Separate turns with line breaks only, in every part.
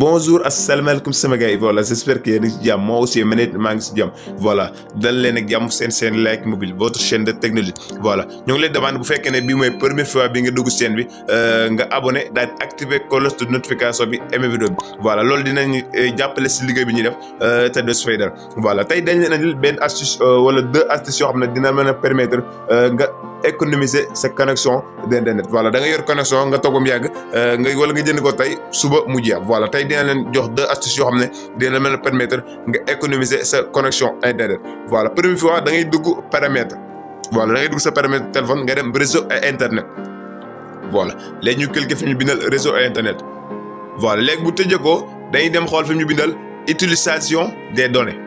bon jour sama gars yi voilà j'espère que yéen a ngi si jàmm moi aussi ma ne si jàmm voilà dal leen ak seen seen like mobile votre chaîne de technologie voilà ñu ngi leen demande bu fekkee ne bii mooy première fois bi nga dugg chaîne bi euh, nga abonné daal di activer cloche de notification bi aimé bi voilà loolu dinañ euh, jàppale si liggéey bi ñuy def euh, te de su fay voilà tey dañ leen andil benn astuce wala deux astuces yoo xam ne dina mën a permettre nga économiser sa connexion d'internet voilà da nga yor connexion nga toog ba mu yàgg nga wala nga jënd ko tey suba mu jeex voilà tey dina leen jox deux astuces yoo xam ne dina leen permettre nga économiser sa connexion internet voilà première fois da ngay dugg paramètre voilà da ngay dugg sa paramètre téléphone nga dem réseau et internet voilà léegi ñu cliquer fi ñu bindal réseau et internet voilà léegi bu tëjee ko dañuy dem xool fi ñu bindal utilisation des données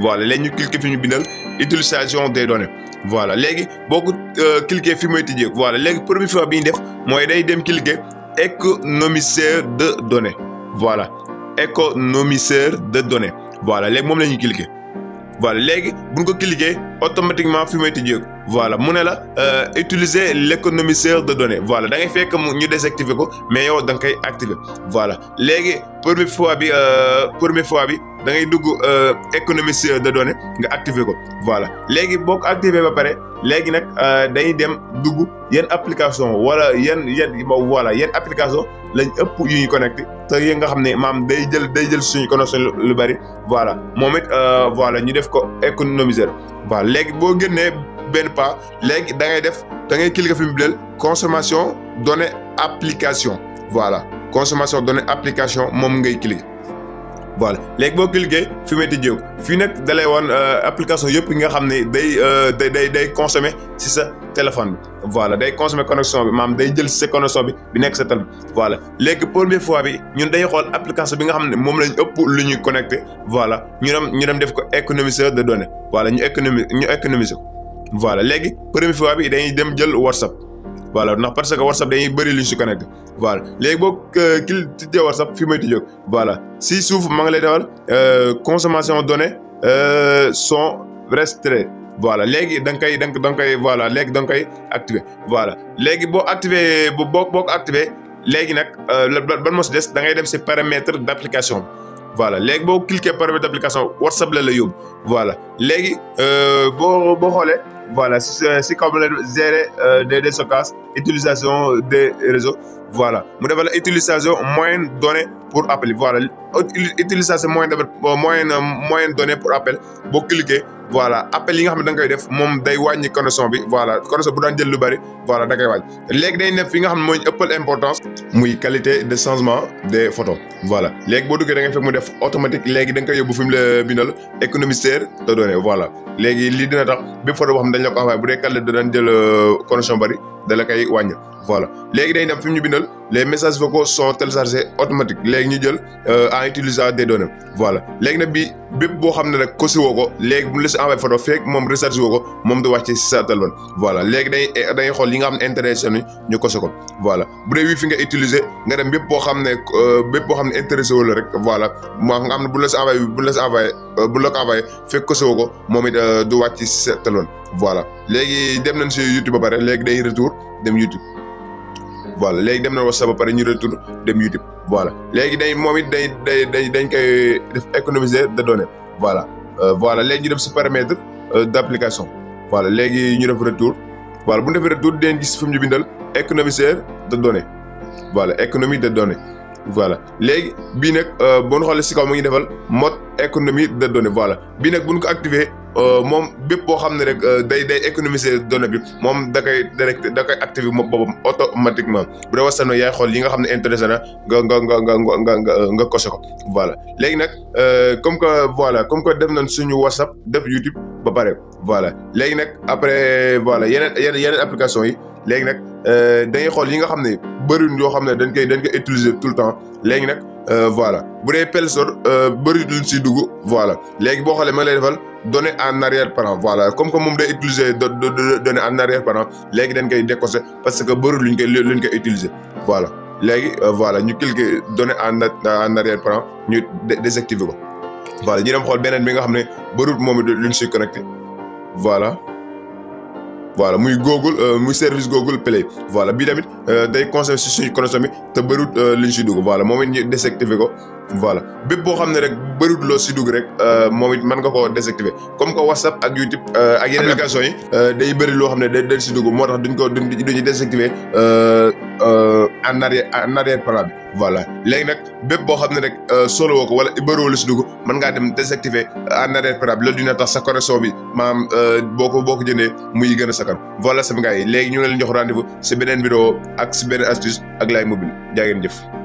voilà léegi ñu cliquer fi ñu bindal utilisation des données voilà léegi boo ko euh, cliquer fi mooy tijjee voilà léegi première fois bi ñu def mooy day dem cliquer économiseur de données voilà économiseur de données voilà léegi moom la ñuy cliquer voilà léegi bu ñu ko cliquer automatiquement fi may tijjee ko voilà mu ne la euh, utiliser l' économiseur de données voilà da ngay fekk mu ñu désactiver ko mais yow da nga koy activer voilà léegi première fois bi euh, première fois bi. da ngay dugg euh, économiste de données nga activer ko voilà léegi boo ko activé ba pare léegi nag euh, dañuy dem dugg yan application wala yan yan voilà yan application lañ ëpp yu ñu connecté te yi nga xam ne maam day jël day jël suñu connexion lu bari voilà moom it euh, voilà ñu def ko économiser voilà léegi boo génnee benn pa léegi da ngay def da ngay cliquer fi mu bileel consommation données application voilà consommation données application moom ngay cliquer voilà léegi boo cliquer fi may tijjeeku fii nag dalay wan euh, application yëpp yi nga xam ne day euh, day day day consommer si sa téléphone bi voilà day consommer connexion bi maam day jël si sa connexion bi bi nekk sa téléphone voilà léegi première fois bi ñun day xool application bi nga xam ne moom lañ ëpp lu ñuy connecté voilà ñu dem ñu dem def ko économiseur de données voilà ñu économi ñu économiser ko voilà léegi première fois bi dañuy dem jël WhatsApp. voilà ndax parce que WhatsApp dañuy bëri liñ si connecté voilà léegi boo euh, kii tijjee WhatsApp fi may tijjee voilà si suuf ma ngi lay defal euh, consommation données euh, son restreintes voilà léegi da nga koy da nga koy voilà léegi da nga koy activé voilà léegi boo activé boo boo activé léegi nag ban moo si des da ngay dem si paramètre d' application bi voilà léegi boo cliqué paramètre d' application WhatsApp la la yóbbu voilà léegi boo boo xoolee. Voilà, si euh, comme gérer des déstockage, utilisation des réseaux. voilà mu defal utilisation moyenne donnée pour appel voilà utilisation moyenne d' euh, moyenne moyenne donnée pour appel boo cliquer voilà appel yi nga xam ne da nga def moom day wàññi connexion bi voilà connexion bu daan jël lu bëri voilà da koy wàññi léegi day nekk fi nga xam ne mooy ëppal importance muy qualité de changement des photos voilà léegi boo duggee da ngay fekk mu def automatique léegi da nga koy yóbbu fi mu la bindal économisteur de données voilà léegi lii dina tax bépp photo bu dee qualité da daan jël euh, connexion bëri da la koy wàññil voilà léegi dañ dem fi ñu bindal les messages vocaux sont téléchargés automatique léegi ñu jël euh, en utilisant des données voilà léegi nag bi bépp boo xam ne rek ko si woo ko léegi bu ñu la si envoyé photo feeg moom rechargé woo ko moom du wàcc si sa téléphone voilà léegi dañuy dañuy xool yi nga xam ne intéressé ñu ko ko voilà bu dee wifi nga utiliser nga dem bépp boo xam ne euh, bépp boo xam ne intéressé wu rek voilà moo nga xam ne bu ñu la si envoyé bu ñu la si envoyé euh, bu ñu la ko envoyé feeg ko si woo moom it du wàcc si sa téléphone voilà léegi dem nañ si YouTube ba pare léegi day retour dem YouTube voilà léegi dem na WhatsApp a pare ñu retour dem YouTube voilà léegi day moom it day day day dañ koy def économiser de données voilà euh, voilà léegi ñu si paramètre euh, d' application voilà léegi ñu def retour voilà bu ñu defee retour dinañ gis fi mu ñu économiser de données voilà économie de données voilà léegi bii nag euh, boo ñu xoolee si kaw mu ngi defal mot économie de données voilà bii nag bu ñu ko activé. Euh, moom bépp boo xam ne rek euh, day day économiser données bi moom da koy direct da koy activé boppam automatiquement bu dee wasano yaay xool yi nga xam ne intéressé na nga nga nga nga nga nga nga kose euh, ko voilà léegi nag comme que voilà comme que def nañ suñu WhatsApp def YouTube ba pare voilà léegi nag après voilà yeneen yeneen yeneen application yi léegi nag day xool yi nga xam ne bëri yoo xam ne dañ koy dañ koy utiliser tout le temps léegi nag voilà bu dee Play Store bëri luñ siy dugg voilà léegi boo xoolee ma lay données en arrière-plan voilà comme que moom day utiliser données en arrière-plan léegi dañ koy décoché parce que bëri luñ koy luñ koy utiliser voilà léegi euh, voilà ñu cliquer données en en arrière-plan ñu désactiver ko voilà ñu dem xool beneen bi nga xam ne bëriwul moom it luñ si connecté voilà. voilà muy Google euh, muy service Google Play voilà bii tamit euh, day conseil si te bëriwul luñ si dugg voilà moom it ñu désactiver ko. voilà bépp boo xam ne rek bëriwul loo si dugg rek euh, moom it mën nga koo désactiver comme que WhatsApp ak YouTube euh, ak yeneen application yi euh, day bëri loo xam ne day del si dugg moo tax duñ ko duñ duñu désactiver en arrière en arrière plan bi voilà léegi nag bépp boo xam ne rek solo woo wala bëriwoo si dugg mën ngaa dem désactiver en arrière plan bi loolu dina tax sa correction bi maanaam boo ko boo ko jëndee muy gën a sakkan voilà sama gars yi léegi ñu ngi leen jox rendez si beneen vidéo ak si beneen astuce ak Laye Mobile jaa ngeen jëf